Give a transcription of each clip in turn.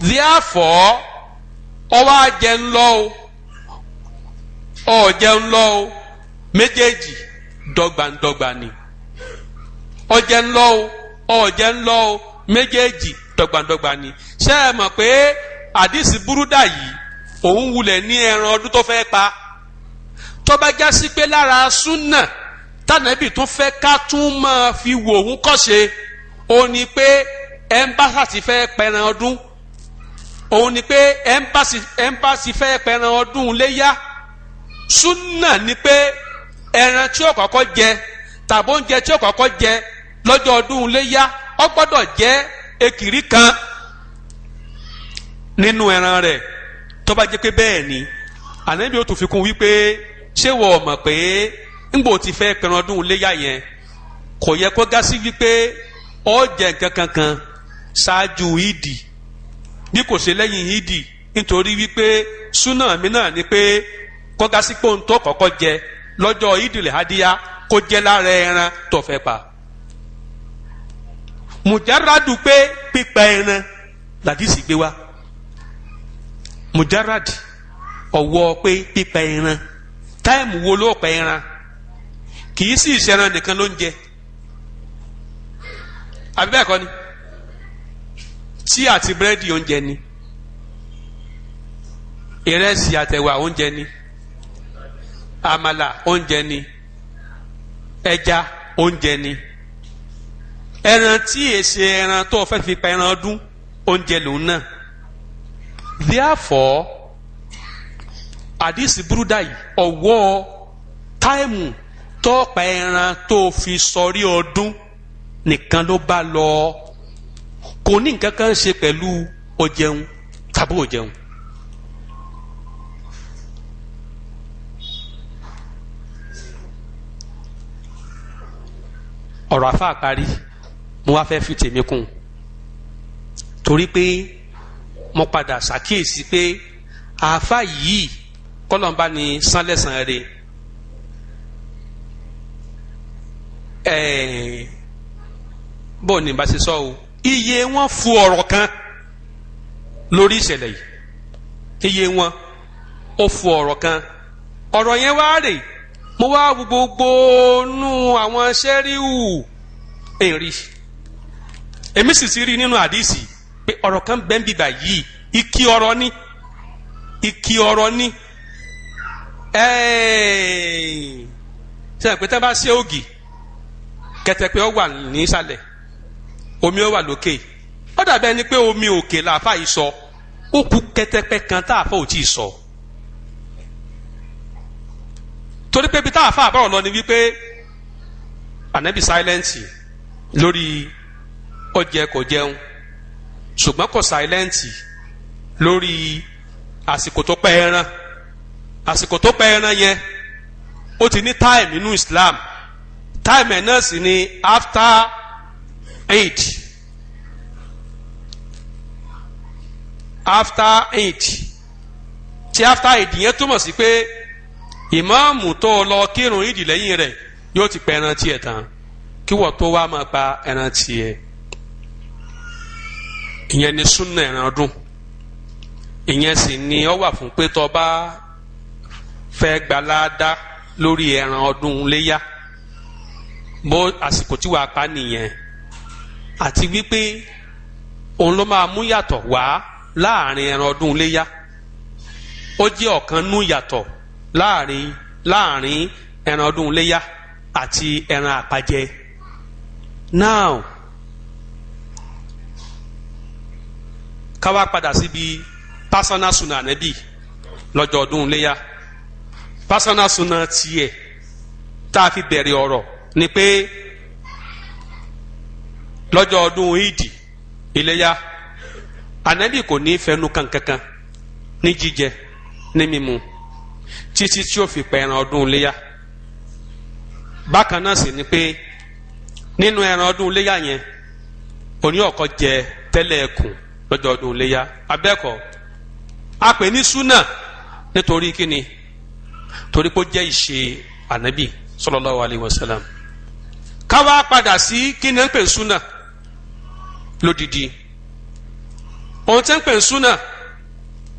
therefore ọwọ́ àjẹ ńlọ o ọ̀jẹ̀ ńlọ o méjèèjì dọ́gbandọ́gba ni ọ̀jẹ̀ ńlọ o ọ̀jẹ̀ ńlọ o méjèèjì dọ́gbandọ́gba ni ṣé ẹ mọ̀ pé àdìsí búrúdà yìí òun wulẹ̀ ní ẹran ọdún tó fẹ́ pa tó bá já sí pé lára súnà tànàbì tó fẹ́ ká tún máa fi wò ó kọ́ ṣe ó ní pé ẹ̀ńbáṣà ti fẹ́ pẹran ọdún òun ni pé ẹ̀ńpàsì ẹ̀ńpàsì fẹ́ pẹran ọdún léyà súnà ni pé ẹran tí ó kọ́kọ́ jẹ tàbí oúnjẹ tí ó kọ́kọ́ jẹ lọ́jọ́ ọdún léyà ọ gbọ́dọ̀ jẹ ekiri kan nínú ẹran rẹ tó bá pé bẹ́ẹ̀ ni ànábi ó tún fi kún wípé ṣé wọ́n mọ̀ pé ńgbò tí fẹ́ pẹran ọdún léyà yẹn kò yẹ kó gá sí wípé jẹ nǹkan kankan ṣáájú ìdí bí kò ṣe lẹ́yìn hídì nítorí wípé súnà mi náà ni pé kọ́gásípò ń tó kọ́kọ́ jẹ lọ́jọ́ ìdìlẹ̀ adíyá kó jẹ́ lára ẹran tó fẹ́ pa. mujaradu pé pípa ẹran làdísì gbé wá mujaradu ọ̀wọ́ pé pípa ẹran táìmù wo ló pa ẹran kì í sì ìṣẹ̀ran nìkan ló ń jẹ àbí bẹ́ẹ̀ kọ́ ni tí àti búrẹ́dì oúnjẹ ni ìrẹsì àtẹ̀wà oúnjẹ ni àmàlà oúnjẹ ni ẹja oúnjẹ ni ẹran tí èsì ẹran tó fẹ́ fi pa ẹran ọdún oúnjẹ lòun náà therefore àdìsí búrúdà yìí ọwọ́ táìmù tó pa ẹran tó fi sọrí ọdún nìkan ló bá lọ kò ní nǹkan kan ṣe pẹ̀lú ọjẹun tàbí ọjẹun. ọ̀rọ̀ àfa àparí mo wá fẹ́ fi tèmi kún torí pé mo padà ṣàkíyèsí pé àfa yìí kọ́lọ́mbà ni sánlẹ̀sán rẹ̀ ẹ̀ẹ́n bọ́ọ̀ ni bá ṣe sọ o iye wọn fu ọ̀rọ̀ kan lórí ìṣẹ̀lẹ̀ yìí iye wọn ó fu ọ̀rọ̀ kan ọ̀rọ̀ yẹn wá rè mo wá gbogbo nú àwọn sẹ́ríwù èrì èmi sì ti rí nínú àdìsí pé ọ̀rọ̀ kan bẹ́ẹ̀ bíbà yìí ìkì ọ̀rọ̀ ni ìkì ọ̀rọ̀ ni ṣe é pé tá a bá ṣe ògì kẹtẹpẹ ọ wà nísàlẹ̀ omi ó wà lókè ó dàbẹ́ ni pé omi òkè làáfà yìí sọ ó kú kẹtẹpẹ kan tá àfà ò tí ì sọ torí pé ibi tá àfà àbọ̀rọ̀ lọ ni wípé ànábì sáílẹ́ǹtì lórí ọjẹ kò jẹun ṣùgbọ́n kò sáílẹ́ǹtì lórí àsìkò tó pẹ́ ẹran àsìkò tó pẹ́ ẹran yẹn ó ti ní táìmù nínú Islam táìmù ẹ̀ náà sì ni after eight after eight tí after eight yẹn túmọ̀ sí pé ìmáàmù tó lọ kírun ìdí lẹ́yìn rẹ̀ yóò ti pa ẹran tiẹ̀ tán kí wọ́n tó wá máa pa ẹran tiẹ̀ ìyẹn ni súnà ẹran dùn ìyẹn sì ni ó wà fún pé tó fẹ́ gbalada lórí ẹran ọdún léyà bó àsìkò tí wàá pa nìyẹn. àti wípé òun ló máa mú yàtọ̀ wá láàrin ẹran ọdún iléyá ó jẹ́ ọ̀kan nú yàtọ̀ láàrin láàrin ẹran ọdún iléyá àti ẹran àpàjẹ now ká wá padà síbi pásánà sùnà nẹ́bì lọ́jọ́ ọdún iléyá pásánà sùnà tiẹ̀ tá a fi bẹ̀rẹ̀ ọ̀rọ̀ ni pé. lọ́jọ́ ọdún ìdì iléyá ànábì kò ní fẹnu kan kankan ní jíjẹ ní mímu títí tí ó fi pa ẹran ọdún iléyá bákan náà sì ni pé nínú ẹran ọdún iléyá yẹn oní ọ̀kọ́ jẹ tẹ́lẹ̀ ẹkùn lọ́jọ́ ọdún iléyá abẹ́kọ̀ a pè ní súnà nítorí kíni torí pé ó jẹ́ ìṣe ànábì sallallahu alaihi wasallam ká wá padà sí kíni ń pè súnà lódìdí ohun tí ń pè ń súnà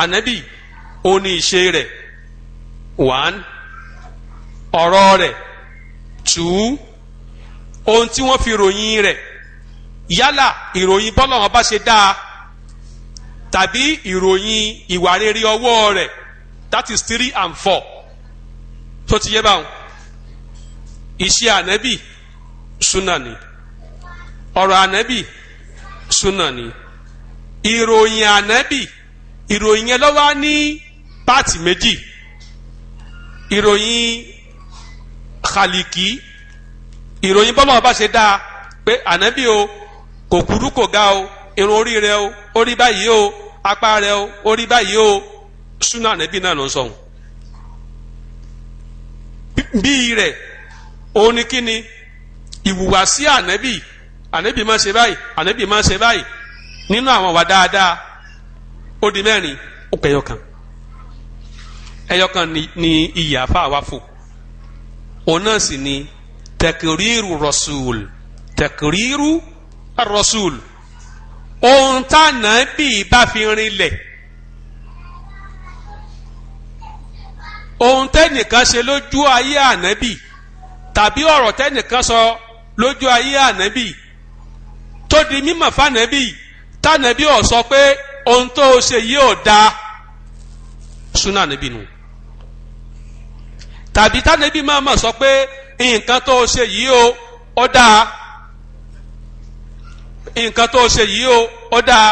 ànábì òun ni ìṣe rẹ̀ one ọ̀rọ̀ rẹ̀ two ohun tí wọ́n fi ròyìn rẹ̀ yálà ìròyìn bọ́lọ̀ wọn bá ṣe dáa tàbí ìròyìn ìwà rere ọwọ́ rẹ̀ that is three and four tó ti yé báwọn ìṣe ànábì súnà ni ọ̀rọ̀ ànábì súnà ni ìròyìn ànábì ìròyìn yẹn ló wà ní pààtì méjì ìròyìn khaliki ìròyìn bọ́lá ọba ṣe dáa pé ànábì o kò kúrú kò ga o irun orí rẹ o orí báyìí o apá rẹ o orí báyìí o súnà ànábì náà ló ń sọ̀hún bíi rẹ̀ òun ni kí ni ìwùwàsí ànábì ànábì máa ṣe báyìí ànábì máa ṣe báyìí nínú àwọn wà dáadáa ó di mẹ́rin ó pẹ́ ẹyọkan ẹyọkan ni iyì àfa wa fò òun náà sì ni tẹkiriru rọ̀ṣùl tẹkiriru rọ̀ṣùl ohun tánà bíi bá fi rinlẹ̀. ohun tẹ́nìkan ṣe lójú ayé ànábì tàbí ọ̀rọ̀ tẹ́nìkan sọ lójú ayé ànábì tó di mímọ̀ fànẹ́bí tànẹ́bí ọ̀ sọ pé ohun tó o ṣe yìí ò dáa súnà níbí nu tàbí tànẹ́bí máa mọ̀ sọ pé nǹkan tó o ṣe yìí o ó dáa nǹkan tó o ṣe yìí o ó dáa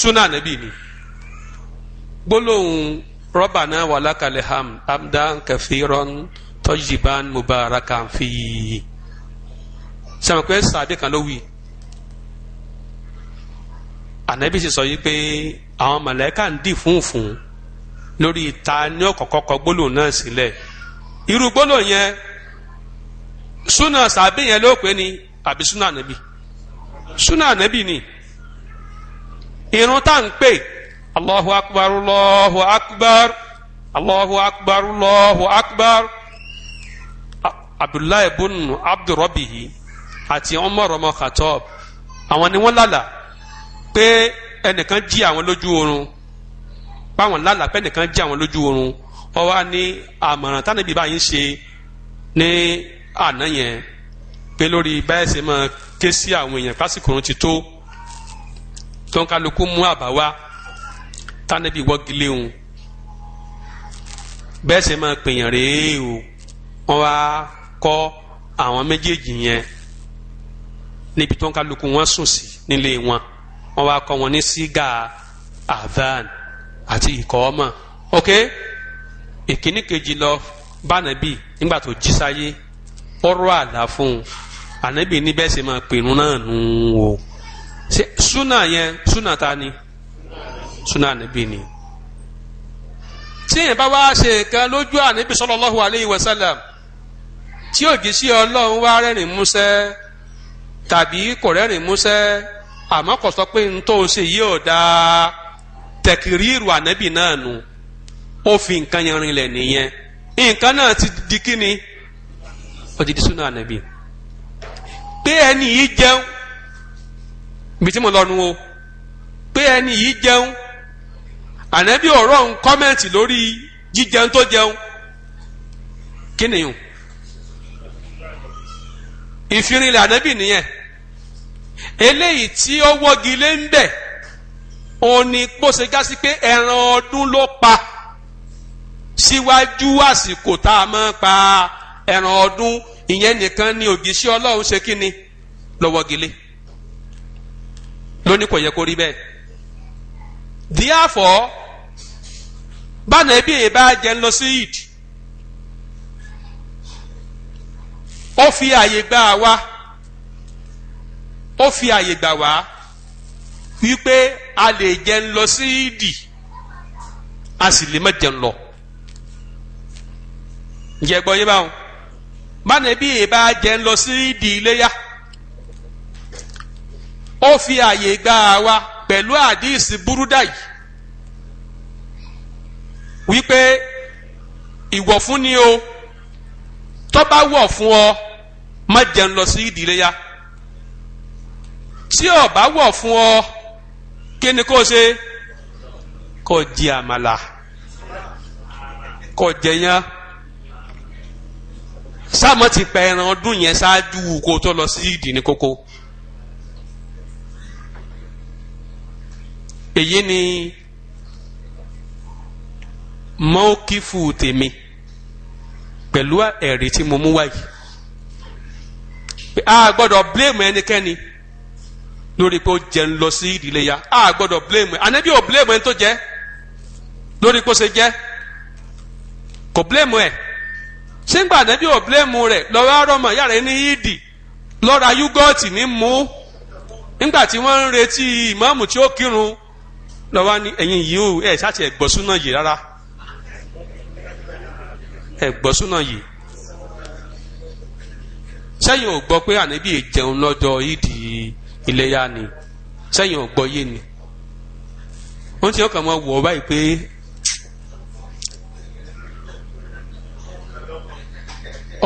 súnà níbí ni gbólóhùn rabbana walakal hamd amdan kathiran tajiban mubarakan fi. sàmùkú ẹ sàbí kan ló wí ànábì sì sọ yìí pé àwọn mọ̀lẹ́kà ń dì fúnfún lórí ìta ní ọ̀kọ̀ọ̀kọ̀ kọ gbólóhùn náà sílẹ̀ irú gbólóhùn yẹn súnà sàbí yẹn ló pé ni àbí súnà ànábì súnà ànábì ni irun tá ń pè allahu akbar allahu akbar allahu akbar allahu akbar abdullahi bunu abdurabihi. àti Umar ọmọ Khattab àwọn ni wọ́n lálà pé ẹnìkan jí àwọn lójú oorun báwọn lálà pé ẹnìkan jí àwọn lójú oorun ó wá ní àmọ̀ràn tánàbí báyìí ń ṣe ní àná yẹn pé lórí báyìí ṣe máa ké sí àwọn èèyàn pásìkò oorun ti tó tó ń kálukú mú àbá wá tánàbí wọ́gi léhùn bẹ́ẹ̀ ṣe máa pèèyàn rèé o wọ́n wá kọ́ àwọn méjèèjì yẹn níbi tó ń kálukú wọn sùn sí nílé wọn wọn wá kọ́ wọn ní sígà avan àti ìkọ́ọ́mọ̀ ok ìkíní kejì lọ bánàbì nígbà tó jí sáyé ọ̀rọ̀ àlá fún un ànábì níbẹ̀ sì máa pè náà nù o súnà yẹn súnà ta ni súnà ànábì ni tí yẹn bá wá ṣe nǹkan lójú ànábì sallallahu alayhi wa sallam tí òjì sí ọlọ́run wá rẹ́rìn músẹ́ tàbí kò rẹ́rìn músẹ́ àmọ́ kò sọ pé n tó ń ṣe yìí ò dáa tẹ̀kìrìrù ànábì náà nù ó fi nǹkan yẹn rinlẹ̀ nìyẹn nǹkan náà ti di kíni ó ti di súnà ànábì pé ẹni yìí jẹun ibi tí mo lọ nu o pé ẹni yìí jẹun ànábì ọ̀rọ̀ ń kọ́mẹ̀ntì lórí jíjẹun tó jẹun kí nìyẹn ìfirinlẹ̀ ànábì nìyẹn. eléyìí tí ó wọ́gi lé ń bẹ̀ òun ni kó ṣe já sí pé ẹran ọdún ló pa síwájú àsìkò tá a máa pa ẹran ọdún ìyẹn nìkan ni ògìṣẹ́ ọlọ́run ṣe kí ni lọ́wọ́gi lé lónìí kò yẹ kó rí bẹ́ẹ̀ díàfọ́ bánà ẹbí ẹ̀ bá jẹ́ ń lọ sí ìdí ó fi àyè gbà wá ó fi àyè gbà wá wípé a lè jẹ ń lọ sí ìdì a sì lè má jẹ ń lọ ǹjẹ́ gbọ́ yé báwọn báni bí ìbá jẹ ń lọ sí ìdì iléyà ó fi àyè gbà wá pẹ̀lú àdíìsì búrúdà yìí wípé ìwọ̀ fún ni o tó wọ̀ fún ọ má jẹ ń lọ sí ìdì iléyà tí ó bá wọ̀ fún ọ kí ni kó ṣe kó di àmàlà kó jẹyàn sáàmù ti pẹ ẹran ọdún yẹn ṣáájú kó tó lọ sí ìdí kókó èyí ni mọ́ọ́kífù tèmi pẹ̀lú ẹ̀rí tí mo mú wáyé a gbọ́dọ̀ blame ẹnikẹ́ni. lórí pé ó jẹun lọ sí ìdílé ya a gbọ́dọ̀ blame anabi ò blame ẹ tó jẹ lórí pé ó ṣe jẹ kò blame ẹ ṣéǹgbà anabi ò blame rẹ lọ́wọ́ arọ́mọ ìyá rẹ ní yídì lọ́ra yúgọ́ọ̀tì ní mú nígbà tí wọ́n ń retí ìmáàmù tí ó kírun lọ́wọ́ ní ẹ̀yìn yìí ó ẹ̀ ṣáàtì ẹ̀gbọ́súnà yìí rárá ẹ̀gbọ́súnà yìí sẹ́yìn ò gbọ́ pé anabi jẹun lọ́jọ́ yídì iléyà ni sẹ́yìn ọ̀gbọ́ yé ni wọ́n ti ọkàn máa wọ̀ báyìí pé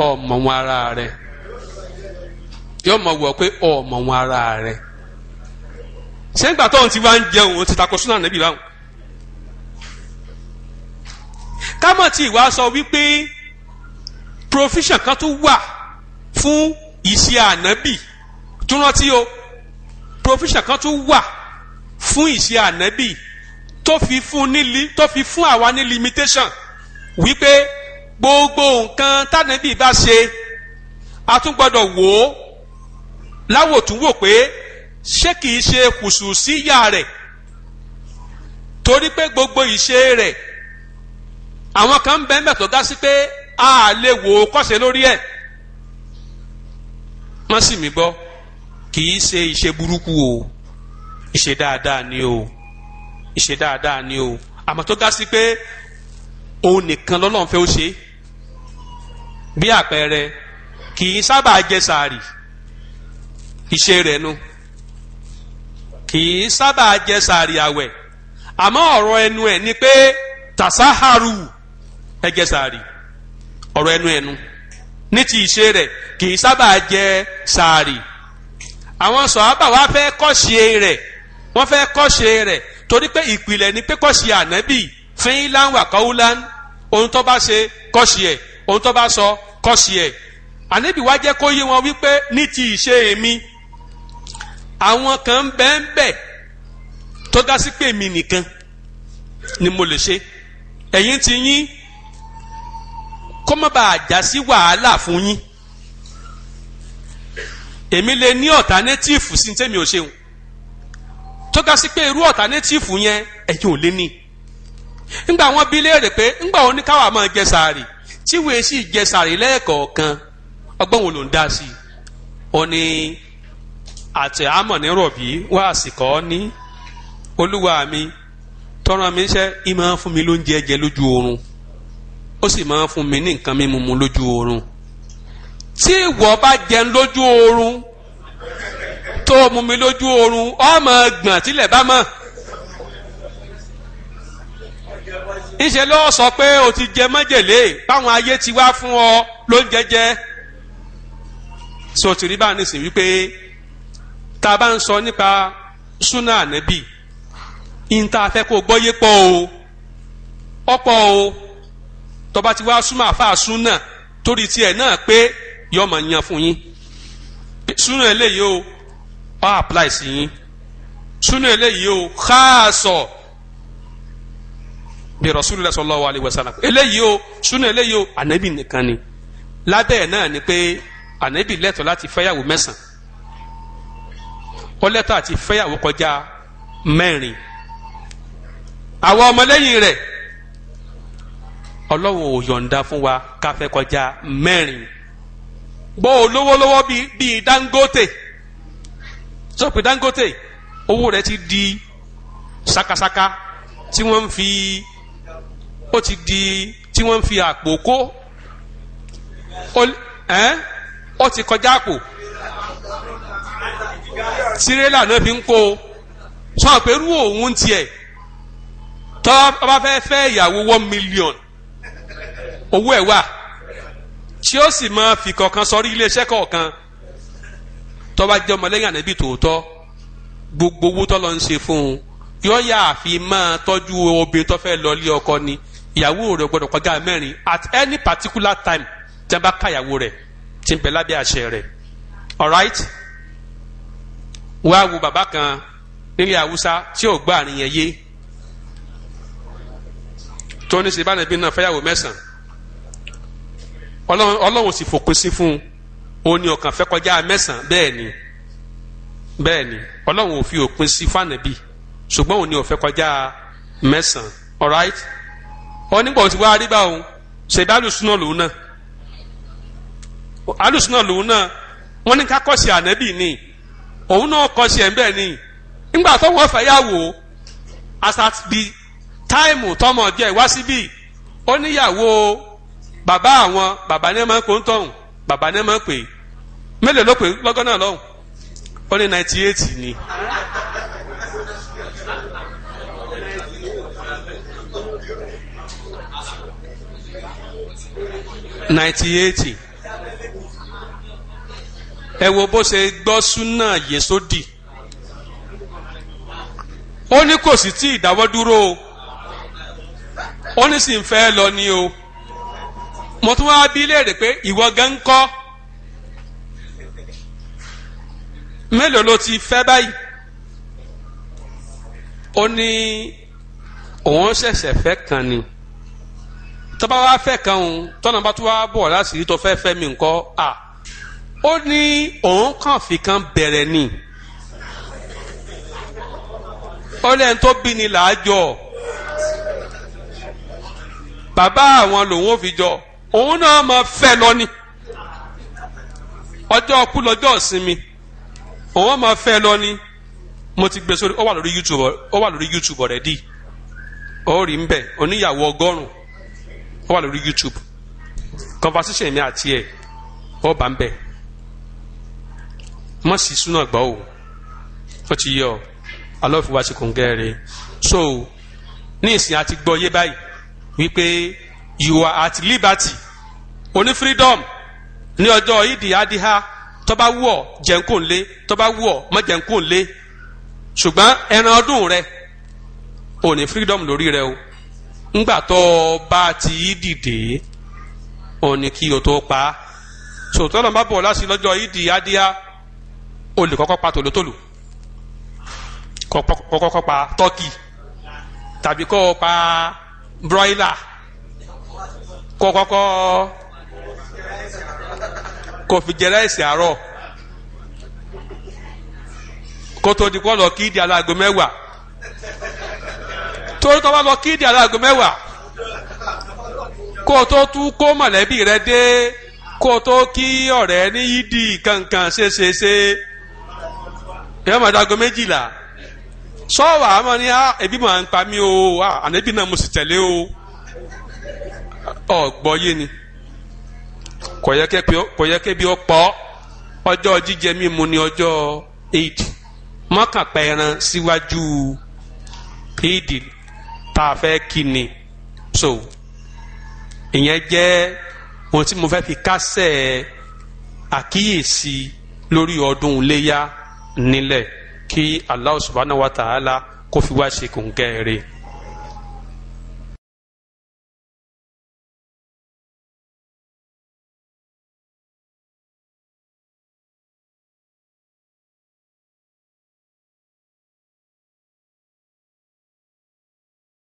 ọmọ wọn ara rẹ yóò mọ̀ wọ̀ pé ọmọ wọn ara rẹ sẹ́ńgbà tóun ti wá ń jẹun ó ti takò súnà níbí báwọn kámọ̀tì ìwà sọ wípé provision kan tún wà fún ìṣe ànábì tún rántí o provision kan tún wà fún ìṣe ànábì tó fi fún ní tó fi fún àwa ní limitation wípé gbogbo nǹkan tànábì bá ṣe a tún gbọ́dọ̀ wò ó láwòtúnwò pé ṣé kìí ṣe kùsù síyà rẹ̀ torí pé gbogbo ìṣe rẹ̀ àwọn kan ń bẹ́ẹ̀ mẹ́tò dá sí pé a lè wò ó kọ́ṣe lórí ẹ̀ má sì mí gbọ́ kì í ṣe ìṣe burúkú o ìṣe dáadáa ni o ìṣe dáadáa ni o àmọ́ tó ga sí pé òun nìkan lọ́lọ́run fẹ́ ó ṣe bí àpẹẹrẹ kì í sábà jẹ sàárì ìṣe rẹ̀ nu kì sábà jẹ sàárì àwẹ̀ àmọ́ ọ̀rọ̀ ẹnu ẹ̀ ni pé tàṣáhàrù ẹ jẹ sàárì ọ̀rọ̀ ẹnu ẹnu ní ti ìṣe rẹ̀ kì sábà jẹ sàárì àwọn sọ̀hábà wa fẹ́ kọ́ṣe rẹ̀ wọ́n fẹ́ kọ́ṣe rẹ̀ torí pé ìpìlẹ̀ ni pé kọ́ṣe ànábì fín láwà kọ́wúlán ohun tó bá ṣe kọ́ṣe ẹ̀ ohun tó bá sọ kọ́ṣe ẹ̀ ànábì wa jẹ́ kó yé wọn wípé ní ti ìṣe èmi àwọn kan bẹ́ẹ̀ tó dá sí pé èmi nìkan ni mo lè ṣe ẹ̀yin ti yín kó má bàa já wàhálà fún yín èmi lè ní ọ̀tánétífù sí tẹ́mi ò ṣeun tó ga sí pé irú ọ̀tánétífù yẹn ẹ̀yin ò lè ní ńgbà wọn bi léèrè pé ńgbà wọn ní káwa máa jẹ sàárì tí wèé sì jẹ sàárì lẹ́ẹ̀kọ̀ọ̀kan ọgbọ́n wo ló ń dá sí i ó ní àti àmọ̀ ní rọ̀bì wá àsìkò ní olúwa mi tọ́ran mi ṣe ìmọ̀ fún mi lóúnjẹ jẹ lójú oorun ó sì máa ń fún mi ní nǹkan mímu mu lójú oorun tí ìwọ bá jẹun lójú oorun tó mú mi lójú oorun ọmọ gbọ̀n tilẹ̀ bá mọ̀. ńṣe lọ́wọ́ sọ pé o ti jẹ májèlé báwọn ayé ti wá fún ọ ló ń jẹjẹ. sọ tìrí bá nísìnyí wípé tá a bá ń sọ nípa súnà ànẹ́bì ìta fẹ́ kó gbọ́yé pọ̀ o ọ̀pọ̀ o tọba ti wá súnmọ́ àfa súnà torí tiẹ̀ náà pé yóò máa yan fún yín súnà eléyìí o ọ apply sí yín súnà eléyìí o káàsọ̀ bí Rasulullah sallallahu alaihi wasallam eléyìí o súnà eléyìí o ànábì nìkan ni lábẹ́ ẹ̀ náà ni pé ànábì lẹ́tọ̀ọ́ láti fẹ́yàwó mẹ́sàn-án ó lẹ́tọ̀ọ́ àti fẹ́yàwó kọjá mẹ́rin àwọn ọmọlẹ́yìn rẹ̀ ọlọ́wọ́ ò yọ̀ǹda fún wa ká fẹ́ kọjá mẹ́rin bọ́ olówó lọ́wọ́ bíi Dangote sọ́pẹ́ Dangote owó rẹ̀ ti di sakasaka tí wọ́n ń fi ó ti di tí wọ́n ń fi àpò kó ó ti kọjá àpò tirẹ́là náà fi ń kó o sọ pé irú òun tiẹ̀ tọ́ ọba fẹ́ fẹ́ ìyàwó one million owó ẹ̀ wà tí ó sì máa fi kọ̀ọ̀kan sọrí iléeṣẹ́ kọ̀ọ̀kan tó bá jẹ́ ọmọlẹ́yìn ànábì tòótọ́ gbogbo owó tó lọ ń ṣe fún un yóò yà àfi máa tọ́jú obìnrin tó fẹ́ lọ ilé ọkọ ni ìyàwó rẹ̀ gbọ́dọ̀ kọjá mẹ́rin at any particular time tí wọ́n bá ká ìyàwó rẹ̀ tí ń bẹ lábẹ́ àṣẹ rẹ̀ alright wá wo bàbá kan nílẹ̀ haúsá tí ò gbọ́ àríyàn yé tó ní sèbánà náà fẹ́yàwó mẹ́sàn-án ọlọ́run sì fòpin sí fún un ó ní ọkàn fẹ́ kọjá mẹ́sàn-án bẹ́ẹ̀ ni bẹ́ẹ̀ ni ọlọ́run fi òpin sí fànàbí ṣùgbọ́n òun ní ọ̀fẹ́ kọjá mẹ́sàn-án alright nígbà tí wàá rí bá òun ṣèbí alùsùnà lòun náà alùsùnà lòun náà wọ́n ní ká ànábì ni òun náà kọ́sì ni nígbà bàbá àwọn bàbá ní ẹ máa ń pè ń tọ̀hún bàbá ní ẹ máa ń pè mélòó ló pè lọ́gán náà lọ́hùn ó ní ninety eight ni. ninety eight ẹ wo bó ṣe gbọ́ súnà yèsódì ó ní kò sì tí ìdáwọ́ ó ní sì ń fẹ́ lọ ni o mo tún wáá bí léèrè pé ìwọ gan ń kọ́ mélòó ló ti fẹ́ báyìí ó ní òun ṣẹ̀ṣẹ̀ fẹ́ kan ni tọ́ba wá fẹ́ kan òun tọ́nà bá tún wá bọ̀ láti rí tó fẹ́ fẹ́ mi ńkọ́ à ó ní òun kàn fi kan bẹ̀rẹ̀ ni ó lẹ́yìn tó bí ni làá bàbá àwọn lòun ò fi jọ. òun náà máa fẹ́ lọ ni ọjọ́ ọkú lọ́jọ́ ìsinmi òun máa fẹ́ ni mo ti gbé sórí ó wà lórí YouTube ó wà ó rí ń bẹ̀ oníyàwó YouTube conversation mi àti ẹ̀ ó bá ń bẹ̀ mọ̀ sí súnà gbọ́ o ó ti yọ alọ́fíwá ti kún gẹ́rẹ́ so ní ìsìn àti gbọ́ yé báyìí wípé you are at liberty oní freedom ní ọjọ́ ìdí adìhá tọ́ba wù ọ́ tọ́ba wù ọ́ ṣùgbọ́n ẹran ọdún rẹ oní freedom lórí rẹ o ńgbà tó bá ti dìde oní kí o tó pa á sòtọ́ lọ́nà bọ̀ láti lọ́jọ́ ìdí adìhá pa pa broiler kọ́kọ́kọ́. kò fi jẹ ráìsì àárọ̀ tó di lọ kí alago mẹwa mẹ́wàá tó bá lọ kí alago mẹwa mẹ́wàá kó o tó tú kó mọ̀lẹ́bí rẹ dé kó tó kí ọ̀rẹ́ ní yídì kankan ṣeéṣeéṣe ìyá màdàgọ méjìlá sọ́ọ̀wà àmọ́ ni ebi ah, máa ń pa mí o ah, ànábì náà mo sì tẹ̀lé o ni. kọ̀yẹ́kẹ́ bí ó pọ̀ ọjọ́ jíjẹ mímu ni ọjọ́ eid mọ́kànpá ẹran síwájú eid tá a fẹ́ kí ni so ìyẹn jẹ́ ohun tí mo fẹ́ fi kásẹ̀ àkíyèsí lórí ọdún iléyà nílẹ̀ kí Allah subhanahu wa ta'ala kó fi wá ṣe kòǹgẹ́ rẹ̀.